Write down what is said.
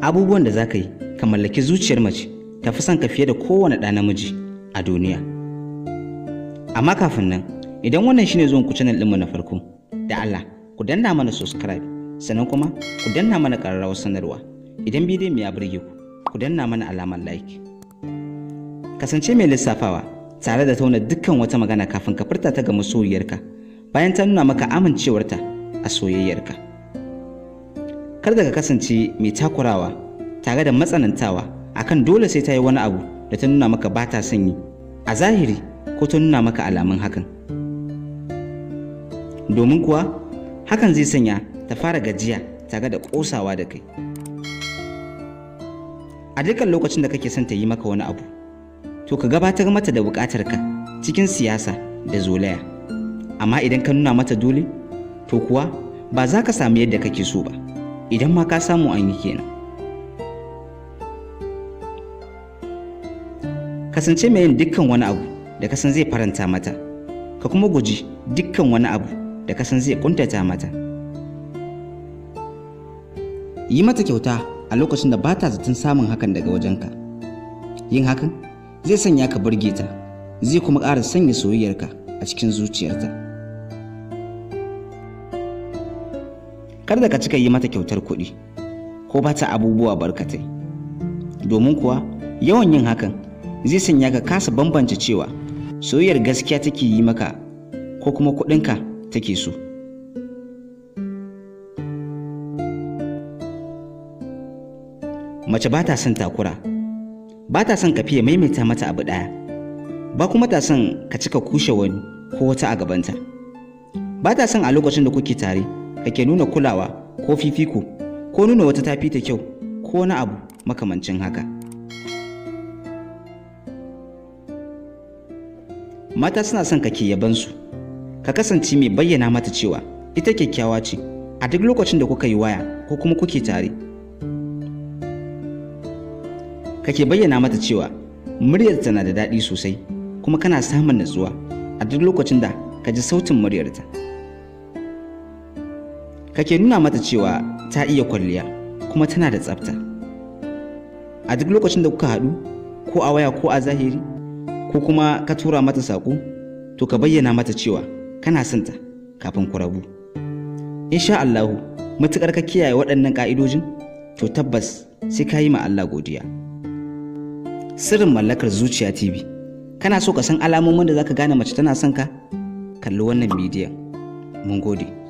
abubuwan da za ka yi ka mallaki zuciyar mace tafi son ka fiye da kowane ɗa namiji a duniya amma kafin nan idan wannan shine zuwan ku channel ɗinmu na farko da Allah ku danna mana subscribe sannan kuma ku danna mana ƙararrawar sanarwa idan bidiyon mu ya burge ku ku danna mana alamar like kasance mai lissafawa tare da tauna dukkan wata magana kafin ka furta ta ga masoyiyarka bayan ta nuna maka amincewarta a soyayyarka kar da kasance mai takurawa tare da matsanantawa akan dole sai ta yi wani abu da ta nuna maka ba ta son yi a zahiri ko ta nuna maka alamun hakan domin kuwa hakan zai sanya ta fara gajiya tare da kosawa da kai a dukkan lokacin da kake son ta yi maka wani abu to ka gabatar mata da ka cikin siyasa da zolaya amma idan ka nuna mata dole to kuwa ba za ka samu yadda kake so ba idan ma ka samu an yi kenan kasance mai yin dukkan wani abu da kasan zai faranta mata ka kuma guji dukkan wani abu da kasan zai kuntata mata yi mata kyauta a lokacin da ba ta zaton samun hakan daga wajenka yin hakan zai sanya ka burge ta zai kuma ƙara sanya soyayyarka a cikin zuciyarta. kar da ka cika yi mata kyautar kuɗi ko ba ta abubuwa barkatai domin kuwa yawan yin hakan zai sanya ka kasa bambance cewa soyayyar gaskiya take yi maka ko kuma kuɗinka take so mace ba ta son takura ba ta son ka fiye maimaita mata abu ɗaya ba kuma ta son ka cika kushe wani ko wata a gabanta ba ta son a lokacin da kuke tare da ke nuna kulawa ko fifiko ko nuna wata tafi ta kyau ko wani abu makamancin haka mata suna son ka yabansu ka kasance mai bayyana mata cewa ita kyakkyawa ce a duk lokacin da kuka yi waya ko kuma kuke tare kake bayyana mata cewa muryarta na da daɗi sosai kuma kana samun natsuwa a duk lokacin da ka ji sautin muryarta. kake nuna mata cewa ta iya kwalliya kuma tana da tsafta a duk lokacin da kuka haɗu ko a waya ko a zahiri ko kuma ka tura mata saƙo to ka bayyana mata cewa kana son ta kafin ku rabu insha Allahu matuƙar ka kiyaye waɗannan ƙa'idojin to tabbas sai ka yi ma Allah godiya sirrin mallakar zuciya TV kana so ka san alamomin da zaka gane mace tana son ka kalli wannan bidiyon mun gode